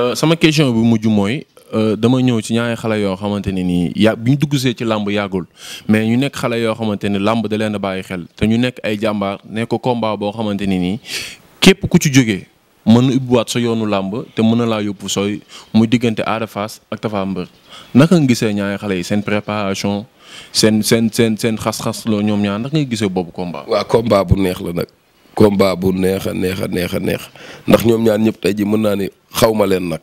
Euh, sama question bi mujj mooy euh, dama ñëw ci ñaari xale yoo xamante ne nii ya bi ñu duggsee ci làmb yàggul mais ñu nekk xale yoo xamante ne làmb da leen a bàyyi xel te ñu nekk ay jàmbaar ne ko combat boo xamante ne nii képp ku ci jóge mën na ubbiwaat sa yoonu làmb te mën na laa yóbbu sooy muy diggante Ada Fass ak dafa Mbeur naka nga gisee ñaari xale yi seen préparation seen seen seen seen xas-xas loo ñoom ñaar naka nga gisee boobu combat. waaw combat bu neex la nag. combat bu neex a neex neex a neex ndax ñoom ñaan ñëpp tey ji mën naa ni xaw ma leen nag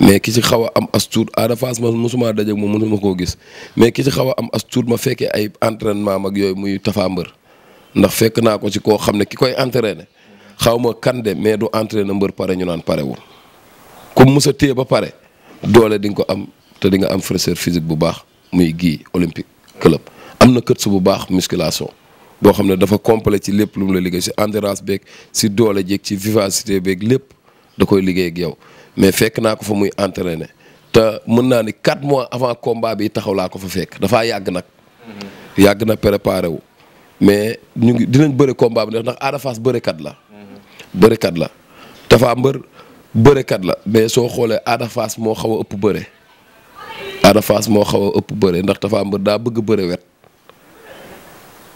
mais ki ci xaw a am as tuut Ada Fass ma mosuma daje moom ma koo gis mais ki ci xaw a am as tuut ma fekkee ay entraînement mag yooyu muy Tapha Mbeur ndax fekk naa ko ci koo xam ne ki koy entraîné xaw ma kan de mais du entraîné mbër pare ñu naan parewul comme musa téye ba pare doole di nga ko am te di nga am fraîcheur physique bu baax muy gii olympique club am na kët su bu baax musculation boo xam ne dafa complet ci lépp lu la liggéey si endurance beeg si doole jeeg ci vivacité beeg lépp da koy liggéey ak yow mais fekk naa ko fa muy entraîné te mën naa ni 4 mois avant combat bi taxaw laa ko fa fekk dafa yàgg nag. Mm-hmm. yàgg na préparé wu. mais ñu ngi dinañ bëre combat bi ndax Ada Fass bërekat la. Mm-hmm. bërekat la dafa mbër bërekat la mais soo xoolee Ada moo xaw a ëpp bëre. Ada moo xaw a ëpp bëre ndax dafa mbër daa bëgg bëre wet.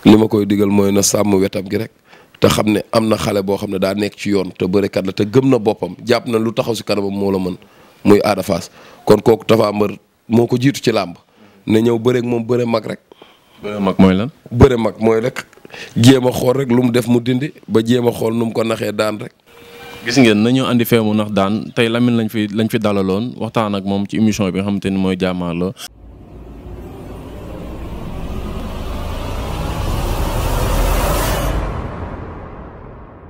li ma koy digal mooy na sàmm wetam gi rek te xam ne am na xale boo xam ne daa nekk ci yoon te bërekat la te gëm na boppam jàpp na lu taxaw si kanamam moo la mën muy Ada Fass kon kooku Tapha Mbeur moo ko jiitu ci làmb ne ñëw bëreeg moom bëre mag rek. bëre mooy lan. bëre mag mooy rek jéem a xool rek lu mu def mu dindi ba jéem a xool nu mu ko naxee daan rek. gis ngeen nañu andi feemu ndax daan tey Lamine lañ fi lañ fi dalaloon waxtaan ak moom ci émission bi nga xamante ni mooy jàmmaarloo